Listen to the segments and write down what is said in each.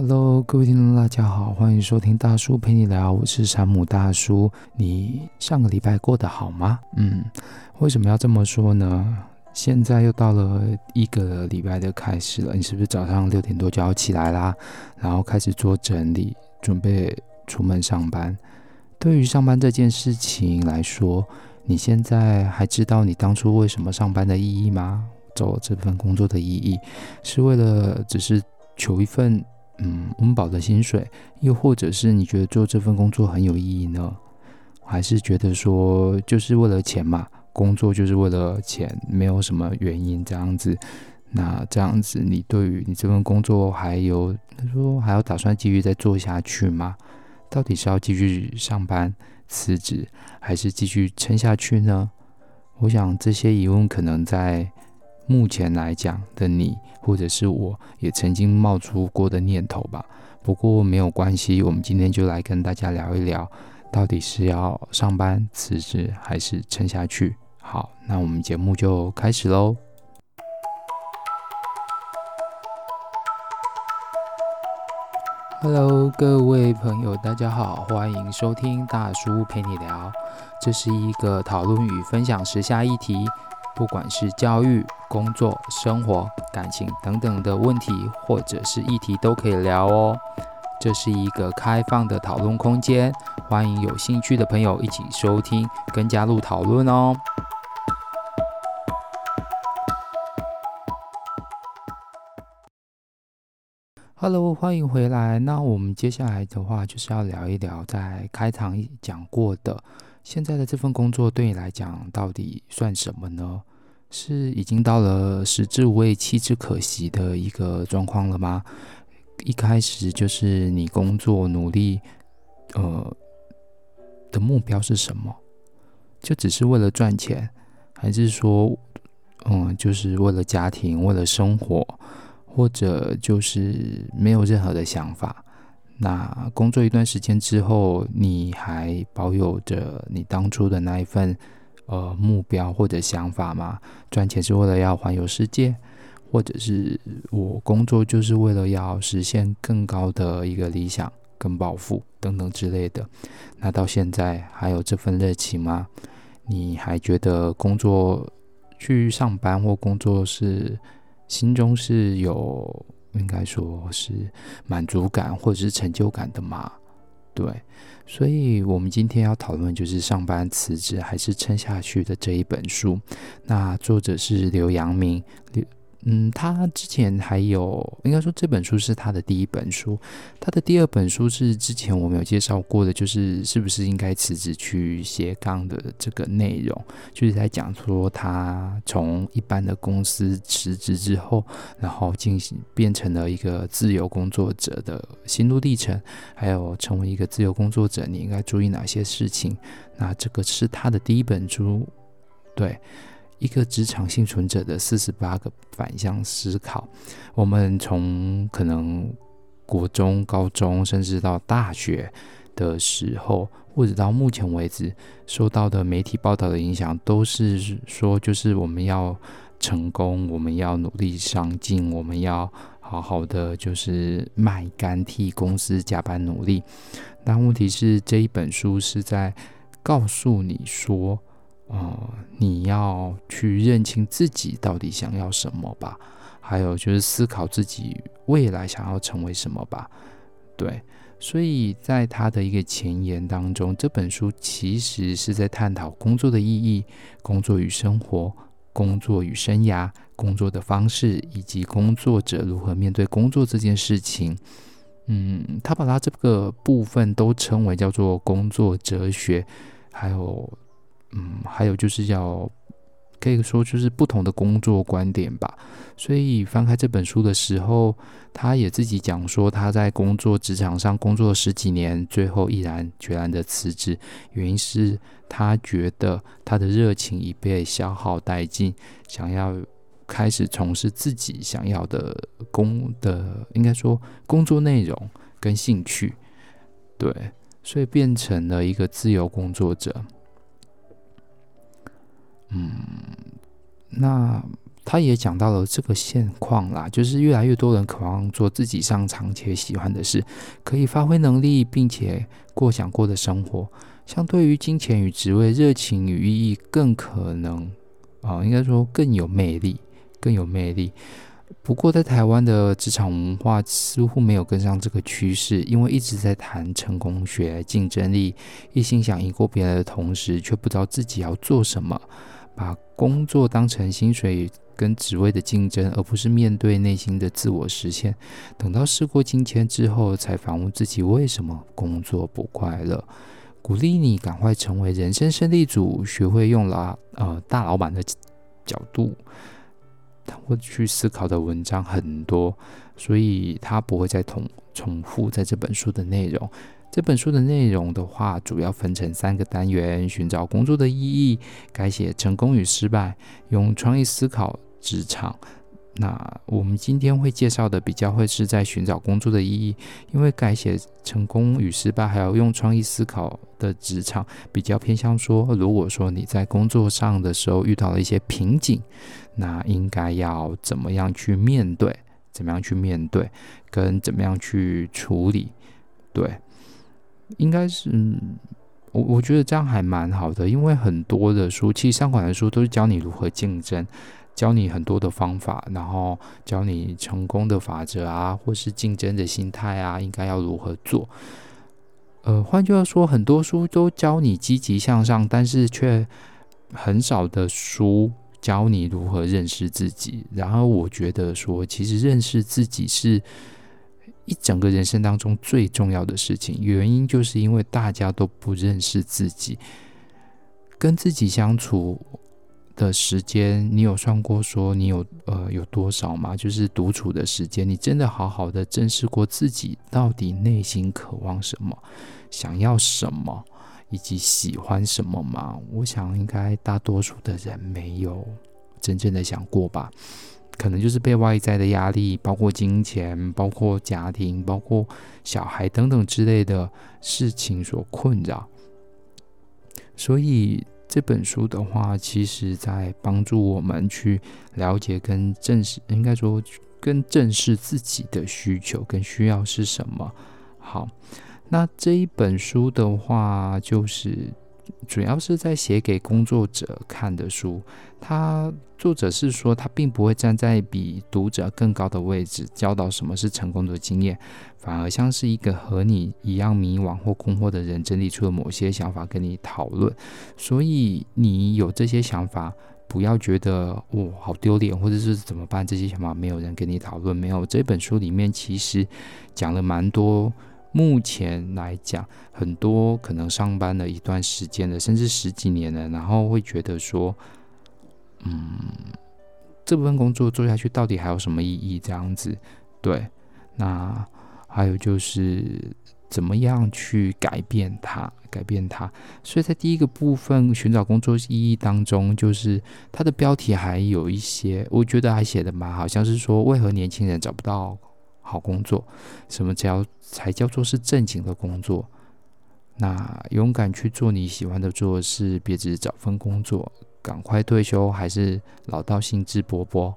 Hello，各位聽眾，大家好，歡迎收聽大叔陪你聊，我是山姆大叔。你上個禮拜過得好嗎？嗯，為什麼要這麼說呢？現在又到了一個禮拜的開始了，你是不是早上六點多就要起來啦，然後開始做整理，準備出門上班。對於上班這件事情來說，你現在還知道你當初為什麼上班的意義嗎？做這份工作的意義是為了只是求一份。嗯，溫飽的薪水，又或者是你覺得做這份工作很有意義呢？還是覺得說就是為了錢嘛，工作就是為了錢，沒有什麼原因這樣子？那這樣子，你對於你這份工作還有說還要打算繼續再做下去嗎？到底是要繼續上班、辭職，還是繼續撐下去呢？我想這些疑問可能在。目前來講的你，或者是我也曾經冒出過的念頭吧。不過沒有關係，我們今天就來跟大家聊一聊，到底是要上班辭職，還是撐下去？好，那我們節目就開始嘍。Hello，各位朋友，大家好，歡迎收聽大叔陪你聊，這是一個討論與分享時下議題。不管是教育、工作、生活、感情等等的問題，或者是議題，都可以聊哦。這是一個開放的討論空間，歡迎有興趣的朋友一起收聽跟加入討論哦。Hello，歡迎回來。那我們接下來的話就是要聊一聊在開場講過的。現在的這份工作對你來講到底算什麼呢？是已經到了食之無味、棄之可惜的一個狀況了嗎？一開始就是你工作努力，呃，的目標是什麼？就只是為了賺錢，還是說，嗯，就是為了家庭、為了生活，或者就是沒有任何的想法？那工作一段時間之後，你還保有着你當初的那一份，呃，目標或者想法嗎？賺錢是為了要環遊世界，或者是我工作就是為了要實現更高的一個理想跟抱負，等等之類的。那到現在還有這份熱情嗎？你還覺得工作去上班或工作是心中是有？應該說是滿足感或者是成就感的嘛，對，所以我們今天要討論就是上班辭職還是撐下去的這一本書，那作者是劉揚銘劉。嗯，他之前還有，應該說這本書是他的第一本書。他的第二本書是之前我們有介紹過的，就是是不是應該辭職去斜槓的這個內容，就是在講說他從一般的公司辭職之後，然後進行變成了一個自由工作者的心路歷程，還有成為一個自由工作者你應該注意哪些事情。那這個是他的第一本書，對。一個職場幸存者的四十八個反向思考。我們從可能國中、高中，甚至到大學的時候，或者到目前為止受到的媒體報道的影響，都是說，就是我們要成功，我們要努力上進，我們要好好的，就是賣肝替公司加班努力。但問題是，這一本書是在告訴你說。呃，你要去認清自己到底想要什麼吧，還有就是思考自己未來想要成為什麼吧，對。所以，在他的一個前言當中，這本書其實是在探討工作的意義、工作與生活、工作與生涯、工作的方式，以及工作者如何面對工作這件事情。嗯，他把他這個部分都稱為叫做工作哲學，還有。嗯，還有就是要，可以說就是不同的工作觀點吧。所以翻開這本書的時候，他也自己講說，他在工作職場上工作了十幾年，最後毅然決然的辭職，原因是他覺得他的熱情已被消耗殆盡，想要開始從事自己想要的工的，應該說工作內容跟興趣。對，所以變成了一個自由工作者。嗯，那他也講到了這個現況啦，就是越來越多人渴望做自己擅長且喜歡的事，可以發揮能力，並且過想過的生活。相對於金錢與職位、熱情與意義，更可能啊、哦，應該說更有魅力，更有魅力。不過，在台灣的職場文化似乎沒有跟上這個趨勢，因為一直在談成功學、競爭力，一心想贏過別人的同時，卻不知道自己要做什麼。把工作當成薪水跟職位的競爭，而不是面對內心的自我實現。等到事過境遷之後，才反問自己為什麼工作不快樂。鼓勵你趕快成為人生勝利組，學會用了呃大老闆的角度，他會去思考的文章很多，所以他不會再重重複在這本書的內容。這本書的內容的話，主要分成三個單元：尋找工作的意義、改寫成功與失敗、用創意思考職場。那我們今天會介紹的比較會是在尋找工作的意義，因為改寫成功與失敗，還有用創意思考的職場，比較偏向說，如果說你在工作上的時候遇到了一些瓶頸，那應該要怎麼樣去面對？怎麼樣去面對？跟怎麼樣去處理？對。應該是、嗯、我，我覺得這樣還蠻好的，因為很多的書，其實商管的書都是教你如何競爭，教你很多的方法，然後教你成功的法則啊，或是競爭的心態啊，應該要如何做。呃，換句話說，很多書都教你積極向上，但是卻很少的書教你如何認識自己。然後我覺得說，其實認識自己是。一整個人生當中最重要的事情，原因就是因為大家都不認識自己，跟自己相處的時間，你有算過說你有呃有多少嗎？就是獨處的時間，你真的好好的正視過自己，到底內心渴望什麼，想要什麼，以及喜歡什麼嗎？我想應該大多數的人沒有真正的想過吧。可能就是被外在的壓力，包括金錢、包括家庭、包括小孩等等之類的事情所困擾。所以這本書的話，其實在幫助我們去了解跟正視，應該說更正視自己的需求跟需要是什麼。好，那這一本書的話就是。主要是在寫給工作者看的書，他作者是說他並不會站在比讀者更高的位置教導什麼是成功的經驗，反而像是一個和你一樣迷惘或困惑的人整理出了某些想法跟你討論，所以你有這些想法，不要覺得我、哦、好丟臉或者是怎麼辦，這些想法沒有人跟你討論，沒有，這本書裡面其實講了蠻多。目前來講，很多可能上班了一段時間的，甚至十幾年的，然後會覺得說，嗯，這部分工作做下去到底還有什麼意義？這樣子，對。那還有就是，怎麼樣去改變它，改變它？所以在第一個部分尋找工作意義當中，就是它的標題還有一些，我覺得還寫的蠻好，像是說，為何年輕人找不到好工作，什麼叫才叫做是正經的工作？那勇敢去做你喜歡的做事，別只找份工作，趕快退休還是老到興致勃勃？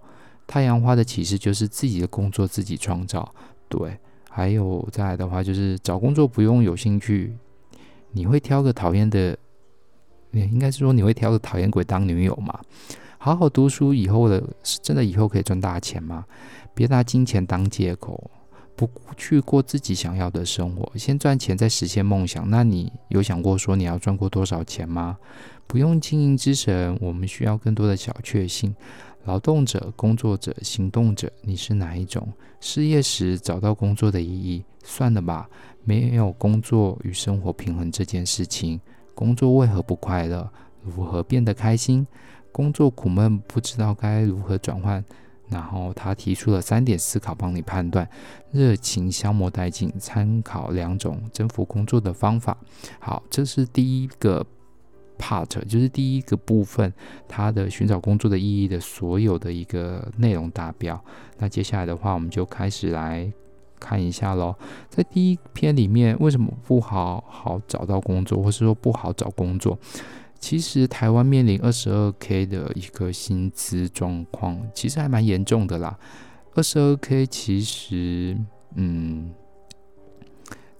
太陽花的啟示就是自己的工作自己創造。對，還有再來的話就是找工作不用有興趣，你會挑個討厭的，也應該是說你會挑個討厭鬼當女友嘛？好好讀書以後的，是真的以後可以賺大錢嗎？別拿金錢當借口，不去過自己想要的生活。先賺錢，再實現夢想。那你有想過說你要賺過多少錢嗎？不用經營之神，我們需要更多的小確幸。勞動者、工作者、行動者，你是哪一種？失業時找到工作的意義？算了吧，沒有工作與生活平衡這件事情。工作為何不快樂？如何變得開心？工作苦悶，不知道該如何轉換。然後他提出了三點思考，幫你判斷熱情消磨殆盡。參考兩種征服工作的方法。好，這是第一個 part，就是第一個部分，他的尋找工作的意義的所有的一個內容達標。那接下來的話，我們就開始來看一下嘍。在第一篇裡面，為什麼不好好找到工作，或是說不好找工作？其實台灣面臨二十二 K 的一個薪資狀況，其實還蠻嚴重的啦。二十二 K 其實，嗯，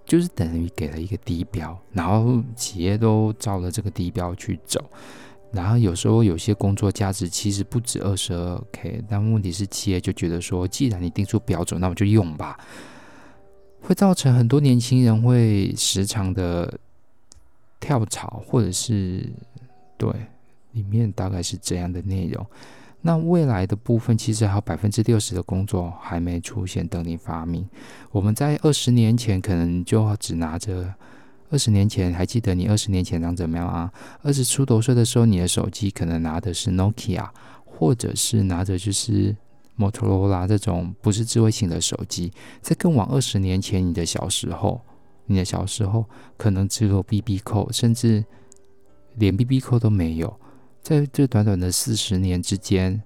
就是等於給了一個低標，然後企業都照了這個低標去走。然後有時候有些工作價值其實不止二十二 K，但問題是企業就覺得說，既然你定出標準，那我就用吧。會造成很多年輕人會時常的跳槽，或者是。對，裡面大概是這樣的內容。那未來的部分，其實還有百分之六十的工作還沒出現，等你發明。我們在二十年前，可能就只拿着；二十年前，還記得你二十年前長怎麼樣啊？二十出頭歲的時候，你的手機可能拿的是 Nokia，或者是拿着就是 Motorola 這種不是智慧型的手機。在更往二十年前，你的小時候，你的小時候可能只有 BB Call，甚至。連 BB call 都沒有，在這短短的四十年之間，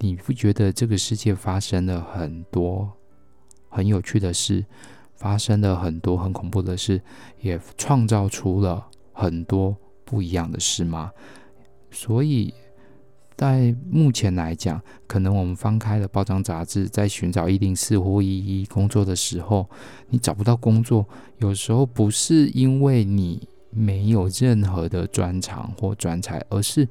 你不覺得這個世界發生了很多很有趣的事，發生了很多很恐怖的事，也創造出了很多不一樣的事嗎？所以，在目前來講，可能我們翻開了報章雜誌，在尋找一零四或一一工作的時候，你找不到工作，有時候不是因為你。沒有任何的專長或專才，而是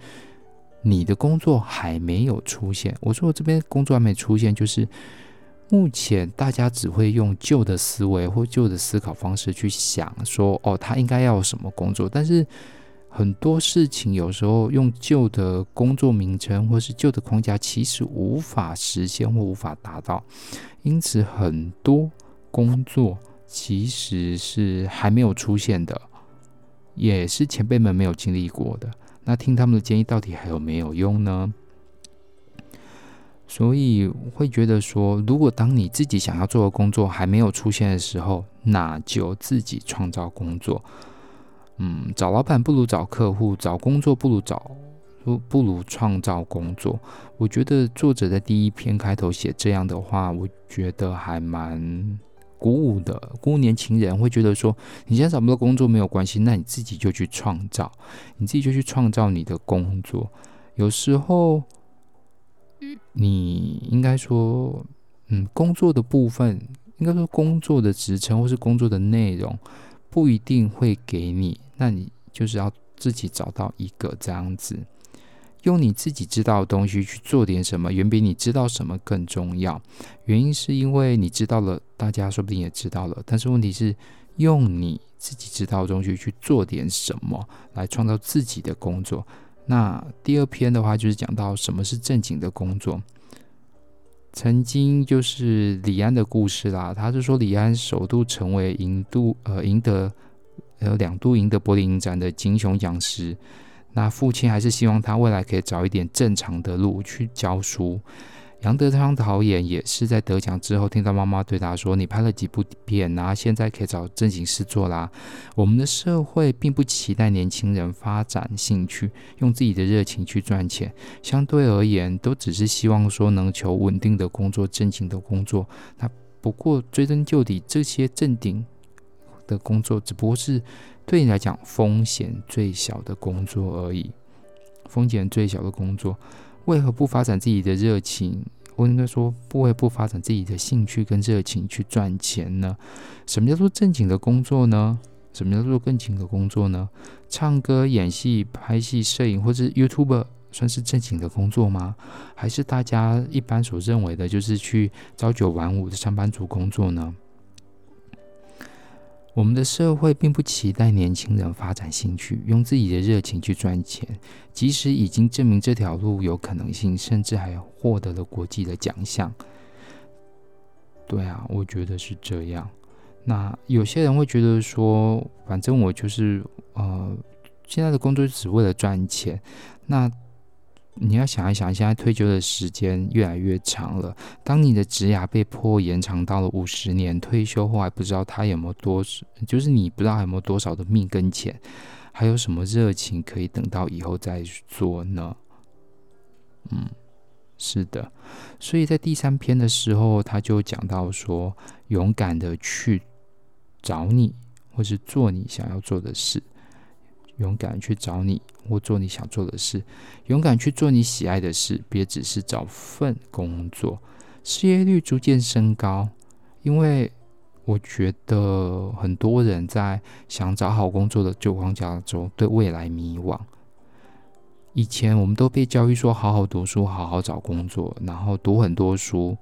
你的工作還沒有出現。我說我這邊工作還沒出現，就是目前大家只會用舊的思維或舊的思考方式去想說：“哦，他應該要什麼工作？”但是很多事情有時候用舊的工作名稱或是舊的框架，其實無法實現或無法達到，因此很多工作其實是還沒有出現的。也是前輩們沒有經歷過的，那聽他們的建議到底還有沒有用呢？所以會覺得說，如果當你自己想要做的工作還沒有出現的時候，那就自己創造工作。嗯，找老闆不如找客戶，找工作不如找不不如創造工作。我覺得作者在第一篇開頭寫這樣的話，我覺得還蠻。鼓舞的，鼓舞年輕人會覺得說，你現在找不到工作沒有關係，那你自己就去創造，你自己就去創造你的工作。有時候，你應該說，嗯，工作的部分，應該說工作的職稱或是工作的內容，不一定會給你，那你就是要自己找到一個這樣子。用你自己知道的東西去做點什麼，遠比你知道什麼更重要。原因是因為你知道了，大家說不定也知道了。但是問題是，用你自己知道的東西去做點什麼，來創造自己的工作。那第二篇的話，就是講到什麼是正經的工作。曾經就是李安的故事啦，他是說李安首度成為影度呃贏得呃兩度贏得柏林影展的金熊獎時。那父親還是希望他未來可以找一點正常的路去教書。楊德昌導演也是在得獎之後，聽到媽媽對他說：“你拍了幾部片吶、啊，現在可以找正經事做啦。”我們的社會並不期待年輕人發展興趣，用自己的熱情去賺錢，相對而言都只是希望說能求穩定的工作，正經的工作。那不過追根究底，這些正經。的工作只不過是對你來講風險最小的工作而已。風險最小的工作，為何不發展自己的熱情？我應該說，為何不發展自己的興趣跟熱情去賺錢呢？什麼叫做正經的工作呢？什麼叫做正經的工作呢？唱歌、演戲、拍戲、攝影，或是 YouTuber 算是正經的工作嗎？還是大家一般所認為的，就是去朝九晚五的上班族工作呢？我們的社會並不期待年輕人發展興趣，用自己的熱情去賺錢。即使已經證明這條路有可能性，甚至還獲得了國際的獎項。對啊，我覺得是這樣。那有些人會覺得說，反正我就是呃，現在的工作只為了賺錢。那你要想一想，現在退休的時間越來越長了。當你的職涯被迫延長到了五十年，退休後還不知道他有沒有多少，就是你不知道還有沒有多少的命跟錢，還有什麼熱情可以等到以後再做呢？嗯，是的。所以在第三篇的時候，他就講到說，勇敢的去找你，或是做你想要做的事。勇敢去找你或做你想做的事，勇敢去做你喜愛的事，別只是找份工作。失業率逐漸升高，因為我覺得很多人在想找好工作的舊框架中對未來迷惘。以前我們都被教育說好好讀書，好好找工作，然後讀很多書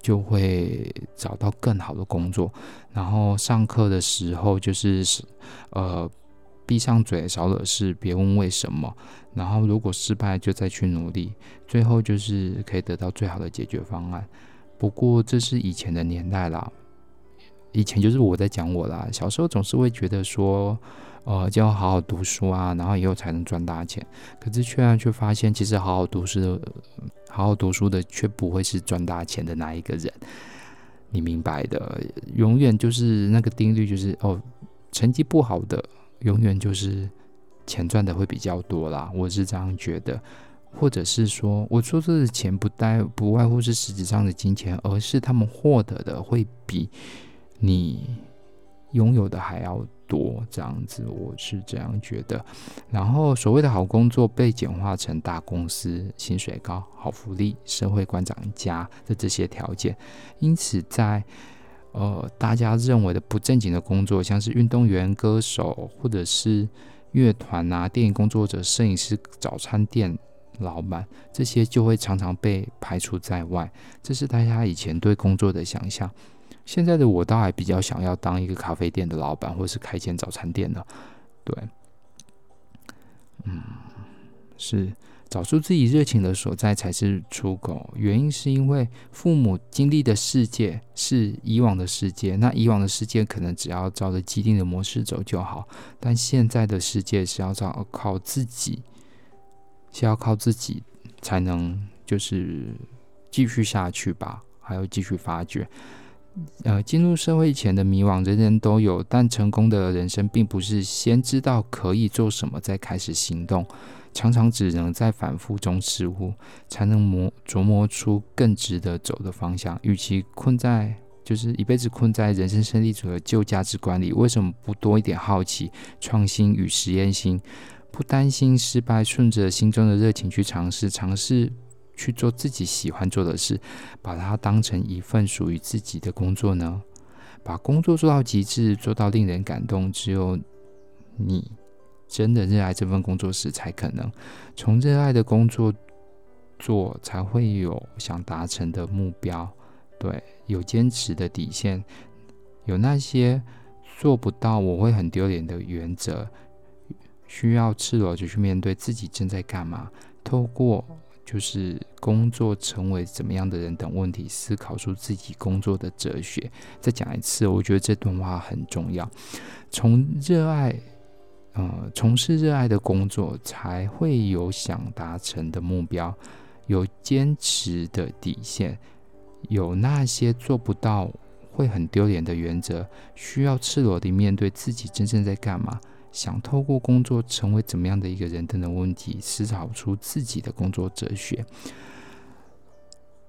就會找到更好的工作，然後上課的時候就是呃。閉上嘴，少惹事，別問為什麼。然後，如果失敗就再去努力。最後，就是可以得到最好的解決方案。不過，這是以前的年代啦，以前就是我在講我啦。小時候總是會覺得說，呃，就要好好讀書啊，然後以後才能賺大錢。可是，現在卻發現，其實好好讀書、好好讀書的，卻不會是賺大錢的那一個人。你明白的，永遠就是那個定律，就是哦，成績不好的。永遠就是錢賺的會比較多啦，我是這樣覺得，或者是說，我出資的錢不帶，不外乎是實質上的金錢，而是他們獲得的會比你擁有的還要多，這樣子我是這樣覺得。然後，所謂的好工作被簡化成大公司、薪水高、好福利、社會觀感佳的這些條件，因此在。呃、哦，大家認為的不正經的工作，像是運動員、歌手，或者是樂團吶、電影工作者、攝影師、早餐店老闆，這些就會常常被排除在外。這是大家以前對工作的想象。現在的我倒還比較想要當一個咖啡店的老闆，或是開間早餐店的。對，嗯，是。找出自己熱情的所在才是出口。原因是因為父母經歷的世界是以往的世界，那以往的世界可能只要照着既定的模式走就好，但現在的世界是要靠自己，是要靠自己才能就是繼續下去吧，還要繼續發掘。呃，進入社會前的迷惘人人都有，但成功的人生並不是先知道可以做什麼再開始行動。常常只能在反覆中失誤，才能磨琢磨出更值得走的方向。與其困在就是一輩子困在人生勝利組的舊價值觀裡，為什麼不多一點好奇、創新與實驗心？不擔心失敗，順着心中的熱情去嘗試，嘗試去做自己喜歡做的事，把它當成一份屬於自己的工作呢？把工作做到極致，做到令人感動，只有你，真的熱愛這份工作時，才可能從熱愛的工作做，才會有想達成的目標，對，有堅持的底線，有那些做不到我會很丟臉的原則，需要赤裸着去面對自己正在幹嘛。透過就是工作成為怎麼樣的人等問題，思考出自己工作的哲學。再講一次，我覺得這段話很重要。從熱愛。呃、嗯，從事熱愛的工作，才會有想達成的目標，有堅持的底線，有那些做不到會很丟臉的原則，需要赤裸地面對自己真正在幹嘛，想透過工作成為怎麼樣的一個人等等問題，思考出自己的工作哲學。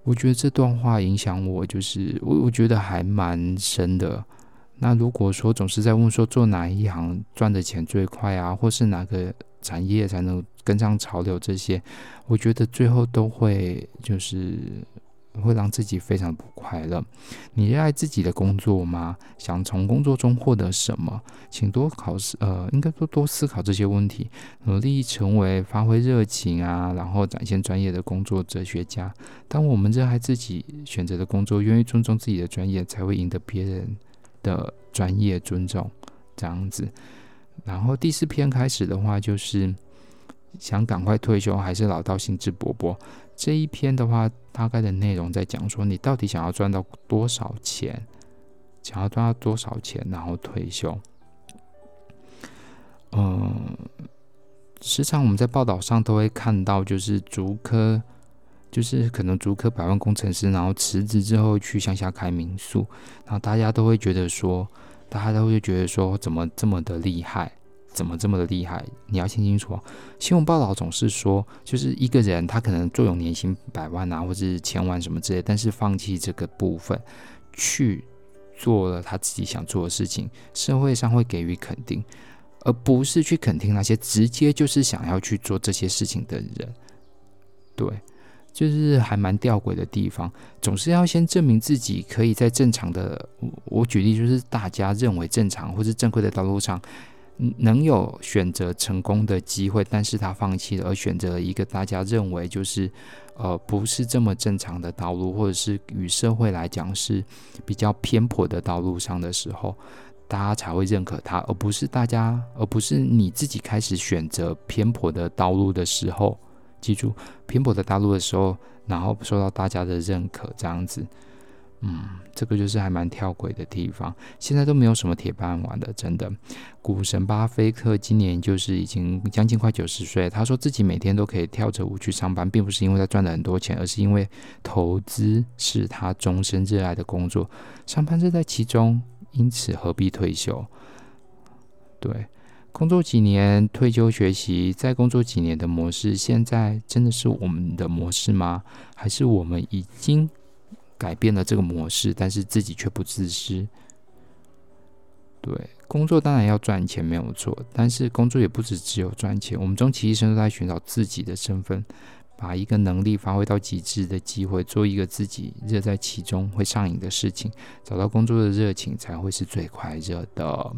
我覺得這段話影響我，就是我我覺得還蠻深的。那如果說總是在問說做哪一行賺的錢最快啊，或是哪個產業才能跟上潮流這些，我覺得最後都會就是會讓自己非常不快樂。你熱愛自己的工作嗎？想從工作中獲得什麼？請多考試，呃，應該多多思考這些問題，努力成為發揮熱情啊，然後展現專業的工作哲學家。當我們熱愛自己選擇的工作，願意尊重自己的專業，才會贏得別人的專業尊重這樣子，然後第四篇開始的話，就是想趕快退休還是老到興致勃勃這一篇的話，大概的內容在講說，你到底想要賺到多少錢，想要賺到多少錢，然後退休。嗯，時常我們在報道上都會看到，就是竹科。就是可能竹科百萬工程師，然後辭職之後去鄉下開民宿，然後大家都會覺得說，大家都會覺得說，怎麼這麼的厲害，怎麼這麼的厲害？你要聽清楚哦、啊。新聞報道總是說，就是一個人他可能坐擁年薪百萬啊，或者是千萬什麼之類，但是放棄這個部分，去做了他自己想做的事情，社會上會給予肯定，而不是去肯定那些直接就是想要去做這些事情的人，對。就是還蠻弔詭的地方，總是要先證明自己可以在正常的，我舉例就是大家認為正常或是正規的道路上能有選擇成功的機會，但是他放棄了，而選擇了一個大家認為就是呃不是這麼正常的道路，或者是與社會來講是比較偏頗的道路上的時候，大家才會認可他，而不是大家，而不是你自己開始選擇偏頗的道路的時候。記住，拼搏的大陸的時候，然後受到大家的認可，這樣子，嗯，這個就是還蠻弔詭的地方。現在都沒有什麼鐵飯碗的，真的。股神巴菲特今年就是已經將近快九十歲，他說自己每天都可以跳着舞去上班，並不是因為他賺了很多錢，而是因為投資是他終身熱愛的工作，上班是在其中，因此何必退休？對。工作幾年，退休學習，再工作幾年的模式，現在真的是我們的模式嗎？還是我們已經改變了這個模式，但是自己却不自知？對，工作當然要賺錢沒有錯，但是工作也不止只有賺錢。我們終其一生都在尋找自己的身份，把一個能力發揮到極致的機會，做一個自己熱在其中會上癮的事情，找到工作的熱情才會是最快樂的。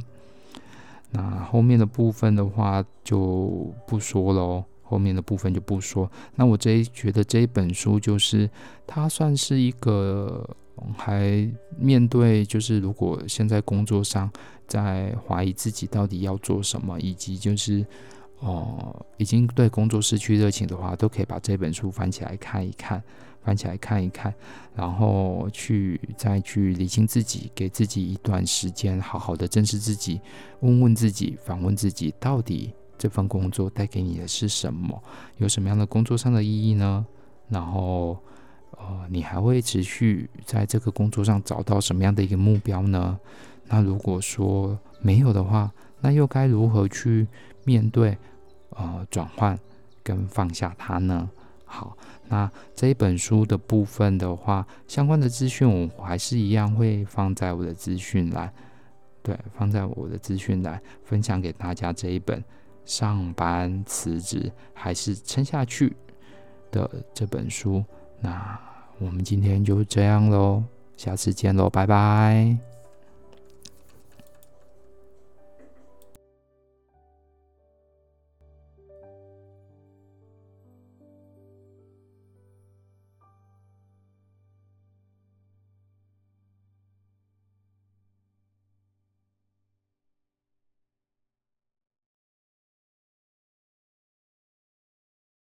那後面的部分的話，就不說了，哦，後面的部分就不說。那我這一覺得這一本書就是，它算是一個，嗯，還面對，就是如果現在工作上在懷疑自己到底要做什麼，以及就是哦，呃，已經對工作失去熱情的話，都可以把這本書翻起來看一看。翻起來看一看，然後去再去理清自己，給自己一段時間，好好的正視自己，問問自己，反問自己，到底這份工作帶給你的是什麼？有什麼樣的工作上的意義呢？然後，呃，你還會持續在這個工作上找到什麼樣的一個目標呢？那如果說沒有的話，那又該如何去面對，呃，轉換跟放下它呢？好，那這一本書的部分的話，相關的資訊我還是一樣會放在我的資訊欄，對，放在我的資訊欄分享給大家這一本上班辭職還是撐下去的這本書。那我們今天就這樣嘍，下次見嘍，拜拜。